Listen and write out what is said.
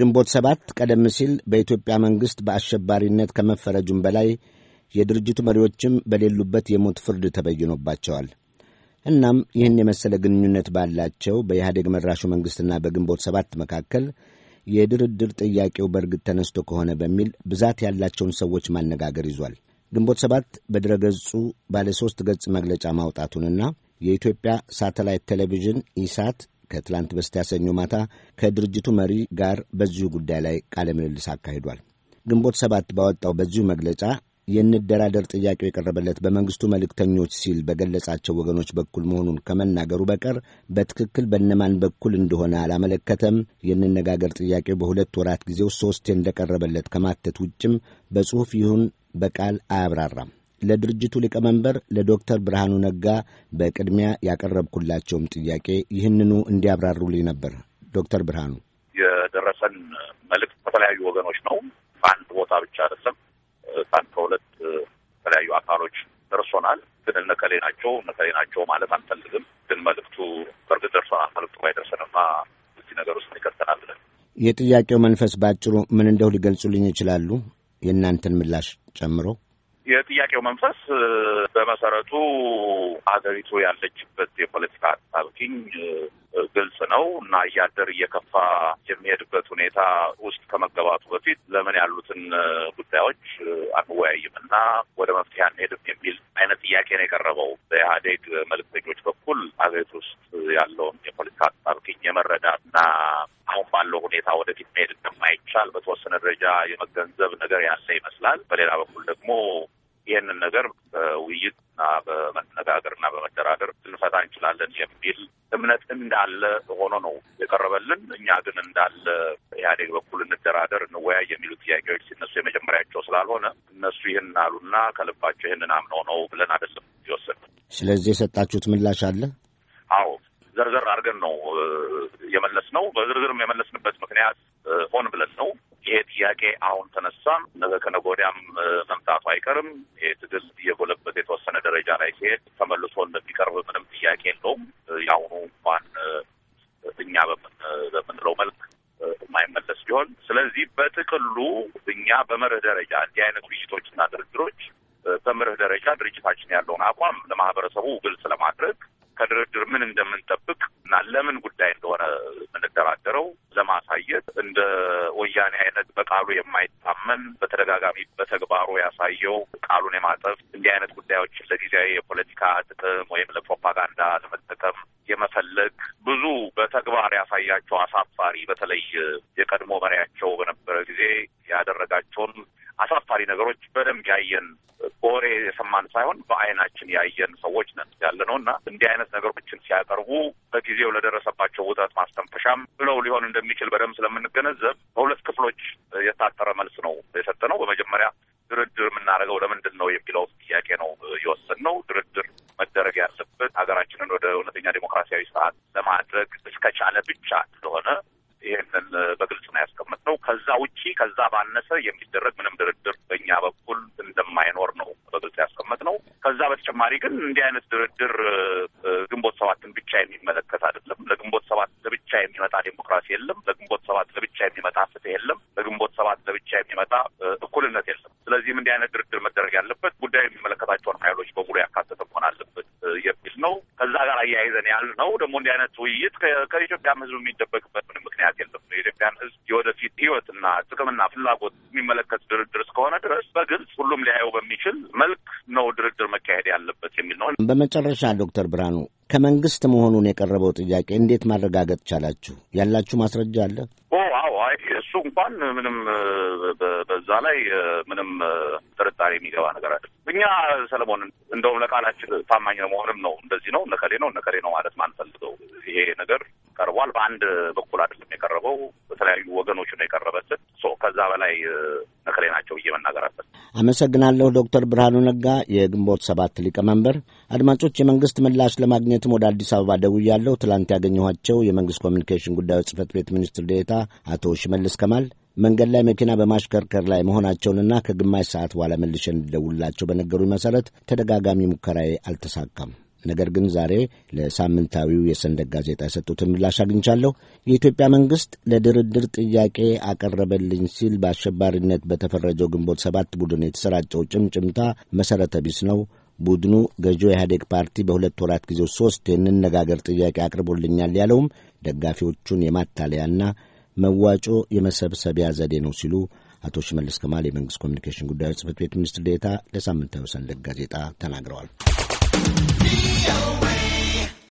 ግንቦት ሰባት ቀደም ሲል በኢትዮጵያ መንግሥት በአሸባሪነት ከመፈረጁም በላይ የድርጅቱ መሪዎችም በሌሉበት የሞት ፍርድ ተበይኖባቸዋል። እናም ይህን የመሰለ ግንኙነት ባላቸው በኢህአዴግ መራሹ መንግሥትና በግንቦት ሰባት መካከል የድርድር ጥያቄው በእርግጥ ተነስቶ ከሆነ በሚል ብዛት ያላቸውን ሰዎች ማነጋገር ይዟል። ግንቦት ሰባት በድረ ገጹ ባለ ሦስት ገጽ መግለጫ ማውጣቱንና የኢትዮጵያ ሳተላይት ቴሌቪዥን ኢሳት ከትላንት በስቲያ ሰኞ ማታ ከድርጅቱ መሪ ጋር በዚሁ ጉዳይ ላይ ቃለ ምልልስ አካሂዷል። ግንቦት ሰባት ባወጣው በዚሁ መግለጫ የንደራደር ጥያቄው የቀረበለት በመንግስቱ መልእክተኞች ሲል በገለጻቸው ወገኖች በኩል መሆኑን ከመናገሩ በቀር በትክክል በነማን በኩል እንደሆነ አላመለከተም። የንነጋገር ጥያቄው በሁለት ወራት ጊዜ ውስጥ ሶስቴ እንደቀረበለት ከማተት ውጭም በጽሑፍ ይሁን በቃል አያብራራም። ለድርጅቱ ሊቀመንበር ለዶክተር ብርሃኑ ነጋ በቅድሚያ ያቀረብኩላቸውም ጥያቄ ይህንኑ እንዲያብራሩልኝ ነበር። ዶክተር ብርሃኑ የደረሰን መልእክት ከተለያዩ ወገኖች ነው። ከአንድ ቦታ ብቻ አይደለም። ከአንድ ከሁለት የተለያዩ አካሎች ደርሶናል። ግን እነከሌ ናቸው እነከሌ ናቸው ማለት አንፈልግም። ግን መልእክቱ በእርግጥ ደርሶናል። መልእክቱ ባይደርሰንማ እዚህ ነገር ውስጥ ይከተናል ብለን የጥያቄው መንፈስ በአጭሩ ምን እንደው ሊገልጹልኝ ይችላሉ? የእናንተን ምላሽ ጨምሮ የጥያቄው መንፈስ በመሰረቱ ሀገሪቱ ያለችበት የፖለቲካ አጣብቂኝ ግልጽ ነው እና እያደር እየከፋ የሚሄድበት ሁኔታ ውስጥ ከመገባቱ በፊት ለምን ያሉትን ጉዳዮች አንወያይም እና ወደ መፍትሄ አንሄድም የሚል አይነት ጥያቄ ነው የቀረበው በኢህአዴግ መልእክተኞች በኩል ሀገሪቱ ውስጥ ያለውን የፖለቲካ አጣብቂኝ የመረዳ እና አሁን ባለው ሁኔታ ወደፊት መሄድ እንደማይቻል በተወሰነ ደረጃ የመገንዘብ ነገር ያለ ይመስላል። በሌላ በኩል ደግሞ ይህንን ነገር በውይይት በመነጋገር እና በመደራደር ልንፈታ እንችላለን የሚል እምነት እንዳለ ሆኖ ነው የቀረበልን። እኛ ግን እንዳለ ኢህአዴግ በኩል እንደራደር፣ እንወያይ የሚሉ ጥያቄዎች ሲነሱ የመጀመሪያቸው ስላልሆነ እነሱ ይህን አሉና ከልባቸው ይህንን አምነው ነው ብለን አይደለም የወሰድነው። ስለዚህ የሰጣችሁት ምላሽ አለ? አዎ ዘርዘር አድርገን ነው የመለስ ነው። በዝርዝርም የመለስንበት ምክንያት ሆን ብለን ነው። ይሄ ጥያቄ አሁን ተነሳ ነገ ከነገ ወዲያም መምጣቱ አይቀርም። ይህ ትግል እየጎለበት የተወሰነ ደረጃ ላይ ሲሄድ ተመልሶ እንደሚቀርብ ምንም ጥያቄ የለውም። የአሁኑ እንኳን እኛ በምንለው መልክ የማይመለስ ሲሆን፣ ስለዚህ በጥቅሉ እኛ በመርህ ደረጃ እንዲህ አይነት ውይይቶችና ድርድሮች በመርህ ደረጃ ድርጅታችን ያለውን አቋም ለማህበረሰቡ ግልጽ ለማድረግ ከድርድር ምን እንደምንጠብቅ እና ለምን ጉዳይ እንደሆነ የምንደራደረው ለማሳየት እንደ ወያኔ አይነት በቃሉ የማይታመን በተደጋጋሚ በተግባሩ ያሳየው ቃሉን የማጠፍ እንዲህ አይነት ጉዳዮችን ለጊዜያዊ የፖለቲካ ጥቅም ወይም ለፕሮፓጋንዳ ለመጠቀም የመፈለግ ብዙ በተግባር ያሳያቸው አሳፋሪ በተለይ የቀድሞ መሪያቸው በነበረ ጊዜ ያደረጋቸውን አሳፋሪ ነገሮች በደንብ ያየን በወሬ የሰማን ሳይሆን በአይናችን ያየን ሰዎች ነን ያለ ነው እና እንዲህ አይነት ነገሮችን ሲያቀርቡ በጊዜው ለደረሰባቸው ውጠት ማስተንፈሻም ብለው ሊሆን እንደሚችል በደንብ ስለምንገነዘብ በሁለት ክፍሎች የታጠረ መልስ ነው የሰጠ ነው። በመጀመሪያ ድርድር የምናደርገው ለምንድን ነው የሚለው ጥያቄ ነው የወሰን ነው። ድርድር መደረግ ያለበት ሀገራችንን ወደ እውነተኛ ዲሞክራሲያዊ ስርዓት ለማድረግ እስከቻለ ብቻ እንደሆነ ይህንን በግልጽ ነው ያስቀመጥነው። ከዛ ውጪ ከዛ ባነሰ የሚደረግ ምንም ድርድር በእኛ በኩል እንደማይኖር ነው በግልጽ ያስቀመጥነው። ከዛ በተጨማሪ ግን እንዲህ አይነት ድርድር ግንቦት ሰባትን ብቻ የሚመለከት አይደለም። ለግንቦት ሰባት ለብቻ የሚመጣ ዴሞክራሲ የለም። ለግንቦት ሰባት ለብቻ የሚመጣ ፍትህ የለም። ለግንቦት ሰባት ለብቻ የሚመጣ እኩልነት የለም። ስለዚህም እንዲህ አይነት ድርድር መደረግ ያለበት ጉዳዩ የሚመለከታቸውን ኃይሎች በሙሉ ያካተተ መሆን አለበት የሚል ነው። ከዛ ጋር አያይዘን ያልነው ደግሞ እንዲህ አይነት ውይይት ከኢትዮጵያም ህዝብ የሚደበቅበት ምንም ምክንያት የለም። የኢትዮጵያን ሕዝብ የወደፊት ህይወትና ጥቅምና ፍላጎት የሚመለከት ድርድር እስከሆነ ድረስ በግልጽ ሁሉም ሊያየው በሚችል መልክ ነው ድርድር መካሄድ ያለበት የሚል ነው። በመጨረሻ ዶክተር ብርሃኑ ከመንግስት መሆኑን የቀረበው ጥያቄ እንዴት ማረጋገጥ ቻላችሁ? ያላችሁ ማስረጃ አለ? እሱ እንኳን ምንም በዛ ላይ ምንም ጥርጣሬ የሚገባ ነገር አለ። እኛ ሰለሞን፣ እንደውም ለቃላችን ታማኝ መሆንም ነው እንደዚህ ነው እነከሌ ነው እነከሌ ነው ማለት ማንፈልገው ይሄ ነገር ቀርቧል። በአንድ በኩል አይደለም የቀረበው፣ በተለያዩ ወገኖች ነው የቀረበትን። ከዛ በላይ መክሌ ናቸው ብዬ መናገር አለብን። አመሰግናለሁ ዶክተር ብርሃኑ ነጋ የግንቦት ሰባት ሊቀመንበር። አድማጮች፣ የመንግስት ምላሽ ለማግኘትም ወደ አዲስ አበባ ደውያለሁ። ትላንት ያገኘኋቸው የመንግስት ኮሚኒኬሽን ጉዳዮች ጽህፈት ቤት ሚኒስትር ዴታ አቶ ሽመልስ ከማል መንገድ ላይ መኪና በማሽከርከር ላይ መሆናቸውንና ከግማሽ ሰዓት በኋላ መልሼ እንድደውልላቸው በነገሩኝ መሰረት ተደጋጋሚ ሙከራዬ አልተሳካም። ነገር ግን ዛሬ ለሳምንታዊው የሰንደቅ ጋዜጣ የሰጡትን ምላሽ አግኝቻለሁ። የኢትዮጵያ መንግስት ለድርድር ጥያቄ አቀረበልኝ ሲል በአሸባሪነት በተፈረጀው ግንቦት ሰባት ቡድን የተሰራጨው ጭምጭምታ መሠረተ ቢስ ነው። ቡድኑ ገዢው ኢህአዴግ ፓርቲ በሁለት ወራት ጊዜ ሶስት የንነጋገር ጥያቄ አቅርቦልኛል ያለውም ደጋፊዎቹን የማታለያና መዋጮ የመሰብሰቢያ ዘዴ ነው ሲሉ አቶ ሽመልስ ከማል የመንግስት ኮሚኒኬሽን ጉዳዮች ጽህፈት ቤት ሚኒስትር ዴታ ለሳምንታዊ ሰንደቅ ጋዜጣ ተናግረዋል። Be